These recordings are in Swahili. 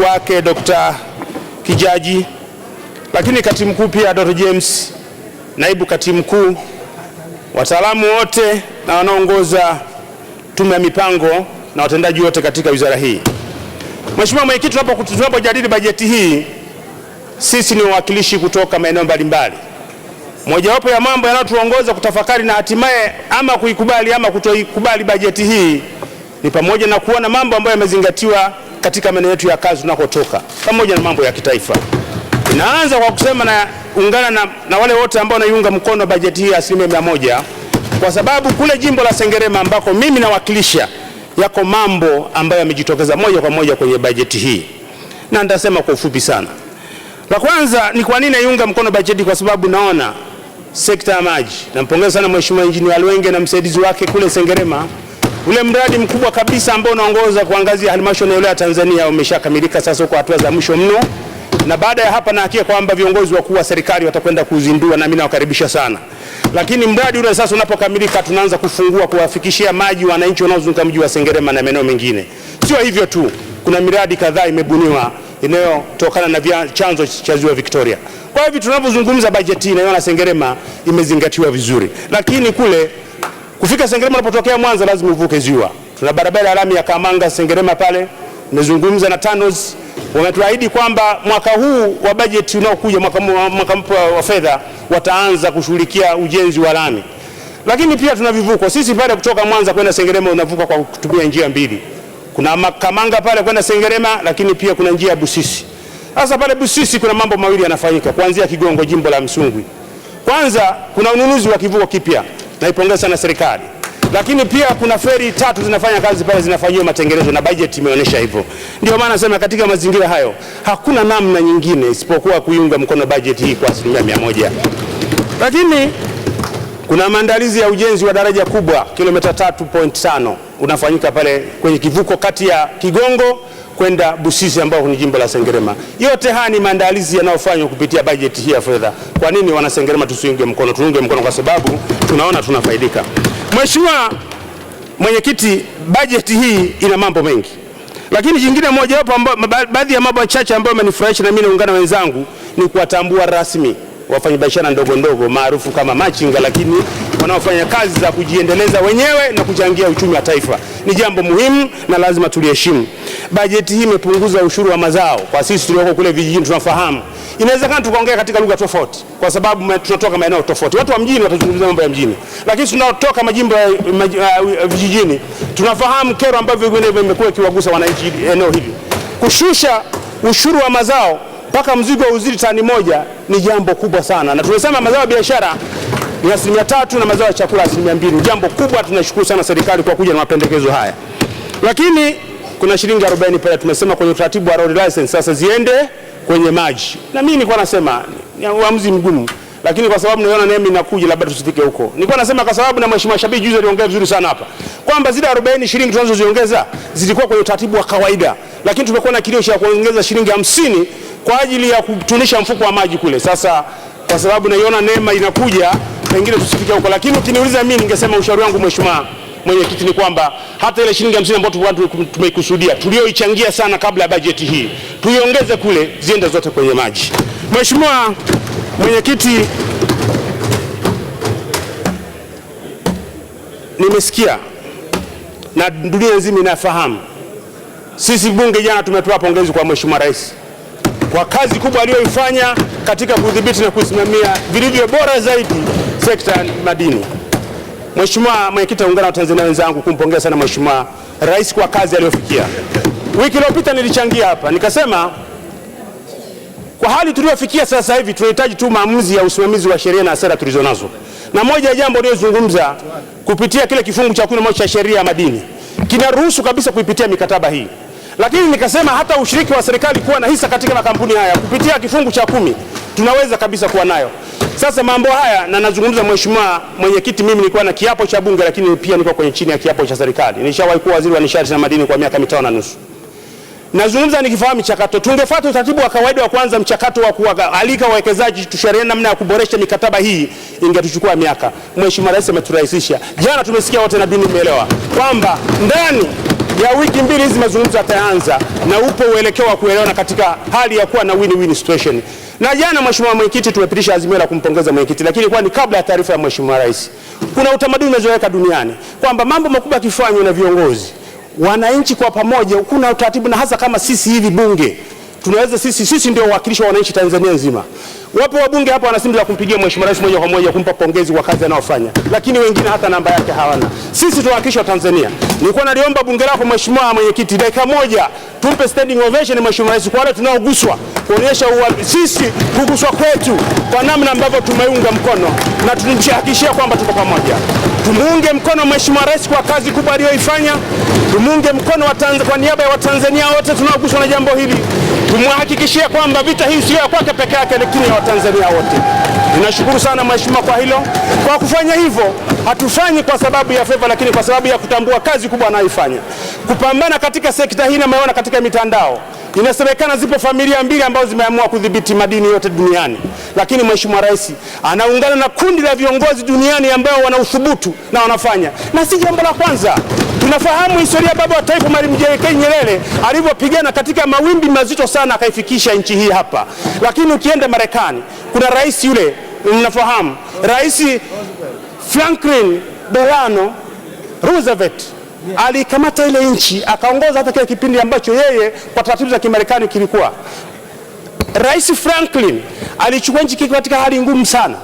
wake Dr. Kijaji, lakini katibu mkuu pia Dr. James, naibu katibu mkuu, wataalamu wote na wanaoongoza tume ya mipango na watendaji wote katika wizara hii. Mheshimiwa Mwenyekiti, tunapojadili bajeti hii, sisi ni wawakilishi kutoka maeneo mbalimbali. Mojawapo ya mambo yanayotuongoza kutafakari na hatimaye ama kuikubali ama kutoikubali bajeti hii ni pamoja na kuona mambo ambayo yamezingatiwa katika maeneo yetu ya kazi tunakotoka, pamoja na mambo ya kitaifa. Inaanza kwa kusema na ungana na, na wale wote ambao wanaiunga mkono bajeti hii ya asilimia mia moja kwa sababu kule jimbo la Sengerema ambako mimi nawakilisha yako mambo ambayo yamejitokeza moja kwa moja kwenye bajeti hii, na nitasema kwa ufupi sana. La kwanza ni kwa nini naiunga mkono bajeti, kwa sababu naona sekta ya maji, nampongeza sana Mheshimiwa Injinia Lwenge na msaidizi wake kule Sengerema Ule mradi mkubwa kabisa ambao unaongoza kuangazia halmashauri ya wilaya Tanzania umeshakamilika sasa, uko hatua za mwisho mno, na baada ya hapa na hakika kwamba viongozi wakuu wa serikali watakwenda kuzindua, nami nawakaribisha sana. Lakini mradi ule sasa unapokamilika, tunaanza kufungua kuwafikishia maji wananchi wanaozunguka mji wa Sengerema na maeneo mengine. Sio hivyo tu, kuna miradi kadhaa imebuniwa inayotokana na chanzo cha ziwa Victoria. Kwa hivyo tunapozungumza bajeti, naiona Sengerema imezingatiwa vizuri, lakini kule Kufika Sengerema unapotokea Mwanza lazima uvuke ziwa. Tuna barabara ya lami ya Kamanga Sengerema pale, nimezungumza na TANROADS wametuahidi kwamba mwaka huu wa bajeti unaokuja mwaka, mwaka mpya wa fedha wataanza kushughulikia ujenzi wa lami, lakini pia tuna vivuko sisi pale kutoka Mwanza kwenda Sengerema unavuka kwa kutumia njia mbili, kuna Kamanga pale kwenda Sengerema, lakini pia kuna njia ya Busisi. Sasa pale Busisi kuna mambo mawili yanafanyika kuanzia Kigongo, jimbo la Msungwi. Kwanza kuna ununuzi wa kivuko kipya naipongeza sana serikali. Lakini pia kuna feri tatu zinafanya kazi pale, zinafanyiwa matengenezo na budget imeonyesha hivyo. Ndio maana nasema katika mazingira hayo hakuna namna nyingine isipokuwa kuiunga mkono budget hii kwa asilimia mia moja. Lakini kuna maandalizi ya ujenzi wa daraja kubwa kilomita 3.5 unafanyika pale kwenye kivuko kati ya Kigongo kwenda Busisi ambao ni jimbo la Sengerema. Yote haya ni maandalizi yanayofanywa kupitia bajeti hii ya fedha. Kwa nini wana Sengerema tusiunge mkono? Tuunge mkono kwa sababu tunaona tunafaidika. Mheshimiwa Mwenyekiti, bajeti hii ina mambo mengi, lakini jingine mojawapo, baadhi ya mambo machache ambayo amenifurahisha na mimi naungana wenzangu ni kuwatambua rasmi wafanyabiashara ndogo ndogo maarufu kama machinga, lakini wanaofanya kazi za kujiendeleza wenyewe na kuchangia uchumi wa taifa. Ni jambo muhimu na lazima tuliheshimu. Bajeti hii imepunguza ushuru wa mazao kwa sisi tulioko kule vijijini, tunafahamu. Inawezekana tukaongea katika lugha tofauti, kwa sababu tunatoka maeneo tofauti. Watu wa mjini watazungumza mambo ya mjini, lakini tunaotoka majimbo ya vijijini tunafahamu kero ambavyo vingine vimekuwa ikiwagusa wananchi eneo hili. Kushusha ushuru wa mazao mpaka mzigo wa uzito tani moja ni jambo kubwa sana, na tumesema mazao ya biashara ni asilimia tatu na mazao ya chakula asilimia mbili. Jambo kubwa, tunashukuru sana serikali kwa kuja na mapendekezo haya, lakini kuna shilingi 40 pale tumesema kwenye utaratibu wa road license sasa ziende kwenye maji, na mimi nilikuwa nasema ni uamuzi mgumu, lakini kwa sababu naona nami inakuja, labda tusifike huko. Nilikuwa nasema kwa sababu na mheshimiwa Shabiki juzi aliongea vizuri sana hapa kwamba zile 40 shilingi tunazoziongeza zilikuwa kwenye utaratibu wa kawaida, lakini tumekuwa na kilio cha kuongeza shilingi hamsini kwa ajili ya kutunisha mfuko wa maji kule. Sasa kwa sababu naiona neema inakuja, pengine tusifike huko, lakini ukiniuliza mimi, ningesema ushauri wangu mheshimiwa mwenyekiti ni kwamba hata ile shilingi hamsini ambayo tumeikusudia tulioichangia sana kabla ya bajeti hii tuiongeze kule, ziende zote kwenye maji. Mheshimiwa mwenyekiti, nimesikia na dunia nzima inafahamu, sisi bunge jana tumetoa pongezi kwa mheshimiwa rais kwa kazi kubwa aliyoifanya katika kudhibiti na kusimamia vilivyo bora zaidi sekta ya madini. Mheshimiwa Mwenyekiti wa Muungano wa Tanzania wenzangu, kumpongeza sana Mheshimiwa Rais kwa kazi aliyofikia. Wiki iliyopita nilichangia hapa nikasema kwa hali tuliyofikia sasa hivi tunahitaji tu maamuzi ya usimamizi wa sheria na sera tulizonazo, na moja ya jambo liyozungumza kupitia kile kifungu cha kumi na moja cha sheria ya madini kinaruhusu kabisa kuipitia mikataba hii. Lakini nikasema hata ushiriki wa serikali kuwa na hisa katika makampuni haya kupitia kifungu cha kumi tunaweza kabisa kuwa nayo. Sasa mambo haya na nazungumza, mheshimiwa mwenyekiti, mimi nilikuwa na kiapo cha bunge, lakini pia nilikuwa kwenye chini ya kiapo cha serikali. Nishawahi kuwa waziri wa nishati na madini kwa miaka mitano na nusu. Nazungumza nikifahamu mchakato. Tungefuata utaratibu wa kawaida wa kwanza, mchakato wa kualika wawekezaji, tushauriane namna ya kuboresha mikataba hii, ingetuchukua miaka. Mheshimiwa Rais ameturahisisha jana, tumesikia wote na bini, umeelewa kwamba ndani ya wiki mbili hizi mazungumzo yataanza na upo uelekeo wa kuelewana katika hali ya kuwa na win-win situation. Na jana, Mheshimiwa Mwenyekiti, tumepitisha azimio la kumpongeza mwenyekiti, lakini ni kabla ya taarifa ya Mheshimiwa Rais, kuna utamaduni umezoeleka duniani kwamba mambo makubwa yakifanywa na viongozi, wananchi kwa pamoja, kuna utaratibu, na hasa kama sisi hivi bunge tunaweza sisi sisi ndio wawakilishi wa wananchi Tanzania nzima. Wapo wabunge hapa wanasimulia kumpigia mheshimiwa rais moja kwa moja kumpa pongezi kwa kazi anayofanya, lakini wengine hata namba yake hawana. Sisi tunawakilishi wa Tanzania. Nilikuwa naliomba bunge lako Mheshimiwa Mwenyekiti, dakika moja tumpe standing ovation Mheshimiwa Rais kwa wale tunaoguswa, kuonyesha sisi kuguswa kwetu kwa namna ambavyo tumeunga mkono na tunamhakikishia kwamba tuko pamoja. Tumuunge mkono Mheshimiwa Rais kwa kazi kubwa aliyoifanya, tumuunge mkono kwa niaba ya Watanzania wote tunaoguswa na jambo hili, tumhakikishie kwamba vita hii sio ya kwake peke yake, lakini ya Watanzania wote. Ninashukuru sana Mheshimiwa kwa hilo. Kwa kufanya hivyo hatufanyi kwa sababu ya fedha, lakini kwa sababu ya kutambua kazi kubwa anayoifanya kupambana katika sekta hii. Nameona katika mitandao inasemekana zipo familia mbili ambazo zimeamua kudhibiti madini yote duniani, lakini Mheshimiwa Rais anaungana na kundi la viongozi duniani ambao wana uthubutu na wanafanya, na si jambo la kwanza. Tunafahamu historia baba wa taifa Mwalimu JK Nyerere alivyopigana katika mawimbi mazito sana, akaifikisha nchi hii hapa. Lakini ukienda Marekani kuna rais yule mnafahamu rais Franklin Delano Roosevelt alikamata ile nchi akaongoza hata kile kipindi ambacho yeye kwa taratibu za Kimarekani kilikuwa. Rais Franklin alichukua nchi katika hali ngumu sana,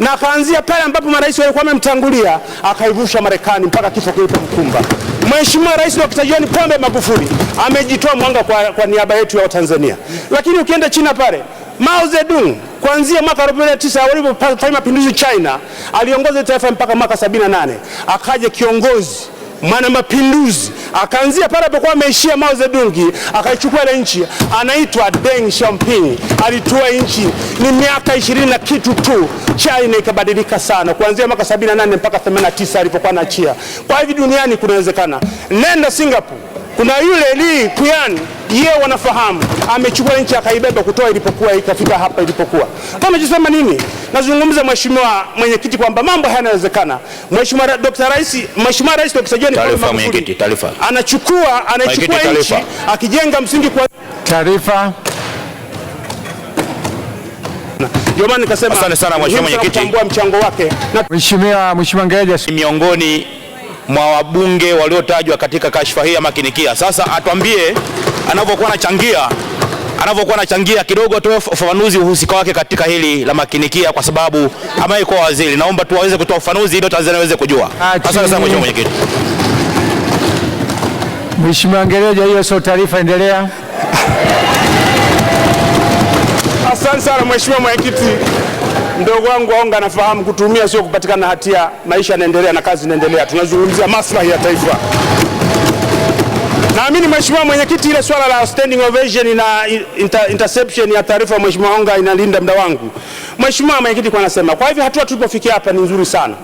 na akaanzia pale ambapo marais walikuwa wamemtangulia akaivusha Marekani mpaka kifo kilipomkumba. Mheshimiwa Rais Dr. John Pombe Magufuli amejitoa mwanga kwa, kwa niaba yetu ya Watanzania, lakini ukienda China pale Mao Zedong kuanzia mwaka 49 walipofanya mapinduzi China, aliongoza taifa mpaka mwaka 78, akaja kiongozi mwana mapinduzi akaanzia pale alipokuwa ameishia Mao Zedong, akaichukua ile nchi, anaitwa Deng Xiaoping. Alitoa nchi ni miaka ishirini na kitu tu, China ikabadilika sana, kuanzia mwaka 78 mpaka 89 alipokuwa anaachia. Kwa hivi duniani kunawezekana, nenda Singapore kuna yule Li kuyan yeye wanafahamu, amechukua nchi akaibeba kutoa ilipokuwa ikafika hapa ilipokuwa. Kama nachosema nini, nazungumza mheshimiwa mwenyekiti kwamba mambo haya yanawezekana. Mheshimiwa Dr. Rais, Mheshimiwa Rais Dr. John Pombe Magufuli anachukua anachukua nchi akijenga msingi kwa taarifa ndio maana nikasema asante sana mheshimiwa mwenyekiti, mchango wake. Mheshimiwa Mheshimiwa Ngeja miongoni mwa wabunge waliotajwa katika kashfa hii ya makinikia. Sasa atuambie anavyokuwa anachangia anavyokuwa anachangia kidogo, atoe ufafanuzi uhusika wake katika hili la makinikia, kwa sababu ambaye waziri, naomba tu aweze kutoa ufafanuzi ili Tanzania iweze kujua. Asante sana mheshimiwa mwenyekiti. Mheshimiwa ngereja hiyo sio taarifa, endelea. Asante sana mheshimiwa mwenyekiti. Mdogo wangu Aonga anafahamu kutumia sio kupatikana hatia. Maisha yanaendelea na kazi inaendelea, tunazungumzia maslahi ya taifa. Naamini Mheshimiwa Mwenyekiti, ile swala la standing ovation na inter interception ya taarifa Mheshimiwa Aonga inalinda muda wangu. Mheshimiwa Mwenyekiti kwa anasema, kwa hivyo hatua tulipofikia hapa ni nzuri sana,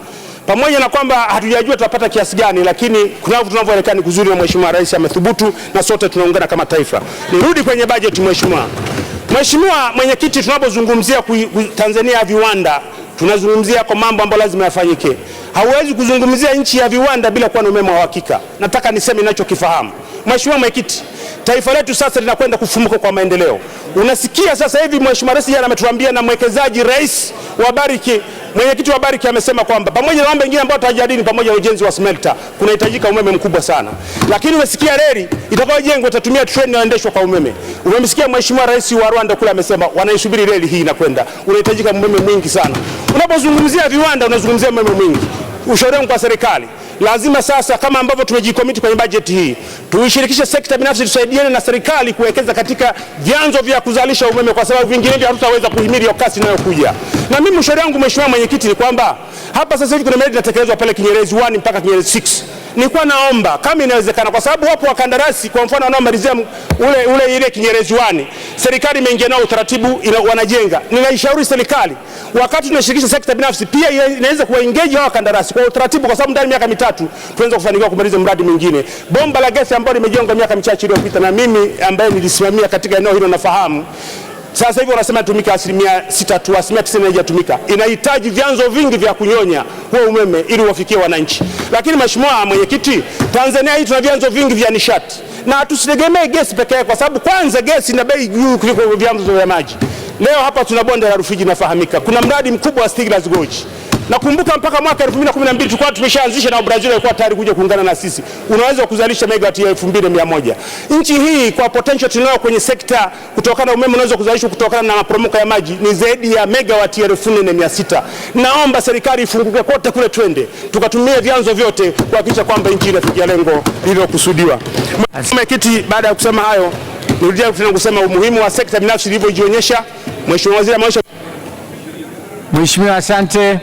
pamoja na kwamba hatujajua tutapata kiasi gani, lakini kuna tunavyoelekea ni kuzuri, na Mheshimiwa Rais amethubutu na sote tunaungana kama taifa. Nirudi kwenye bajeti Mheshimiwa Mheshimiwa Mwenyekiti, tunapozungumzia Tanzania ya viwanda tunazungumzia kwa mambo ambayo lazima yafanyike. Hauwezi kuzungumzia nchi ya viwanda bila kuwa na umeme wa uhakika. Nataka niseme ninachokifahamu. Mheshimiwa Mwenyekiti, taifa letu sasa linakwenda kufumuka kwa maendeleo. Unasikia sasa hivi Mheshimiwa Rais jana ametuambia na mwekezaji rais wa Bariki Mwenyekiti wa Barrick amesema kwamba pamoja na mambo mengine ambayo tutajadili, pamoja na ujenzi wa smelter kunahitajika umeme mkubwa sana, lakini umesikia reli itakayojengwa itatumia treni inayoendeshwa kwa umeme. Umemsikia Mheshimiwa Rais wa Rwanda kule amesema wanaisubiri reli hii inakwenda, unahitajika umeme mwingi sana. Unapozungumzia viwanda, unazungumzia umeme mwingi. Ushauri wangu kwa serikali lazima sasa, kama ambavyo tumejikomiti kwenye bajeti hii, tuishirikishe sekta binafsi, tusaidiane na serikali kuwekeza katika vyanzo vya kuzalisha umeme, kwa sababu vinginevyo hatutaweza kuhimili kasi inayokuja. Na mimi mshauri wangu Mheshimiwa Mwenyekiti ni kwamba hapa sasa hivi kuna miradi inatekelezwa pale Kinyerezi 1 mpaka Kinyerezi 6 nilikuwa naomba kama inawezekana, kwa sababu wapo wakandarasi, kwa mfano wanaomalizia ule, ule ile Kinyerezi serikali imeingia nao utaratibu wanajenga. Ninaishauri serikali wakati tunashirikisha sekta binafsi pia inaweza kuwaengage hawa wakandarasi kwa utaratibu, kwa sababu ndani miaka mitatu tunaweza kufanikiwa kumaliza mradi mwingine, bomba la gesi ambalo limejengwa miaka michache iliyopita, na mimi ambaye nilisimamia katika eneo hilo nafahamu sasa hivi wanasema tumika asilimia sita tu, asilimia tisini haijatumika. Inahitaji vyanzo vingi vya kunyonya kwa umeme ili uwafikie wananchi. Lakini Mheshimiwa Mwenyekiti, Tanzania hii tuna vyanzo vingi vya nishati na tusitegemee gesi pekee, kwa sababu kwanza gesi ina bei juu kuliko vyanzo vya maji. Leo hapa tuna bonde la Rufiji, inafahamika kuna mradi mkubwa wa Stiglas Gorge Nakumbuka mpaka mwaka 2012 tulikuwa tumeshaanzisha na Brazil walikuwa tayari kuja kuungana na sisi. Unaweza kuzalisha megawati ya 2100. Nchi hii kwa potential tunayo kwenye sekta kutokana na umeme unaweza kuzalishwa kutokana na maporomoko ya maji ni zaidi ya megawati ya 4600. Naomba serikali ifunguke kote kule, twende tukatumie vyanzo vyote kuhakikisha kwamba nchi inafikia lengo lililokusudiwa. Mheshimiwa Kiti, baada ya kusema hayo, nirudia tena kusema umuhimu wa sekta binafsi ilivyojionyesha. Mheshimiwa Waziri, Mheshimiwa, asante.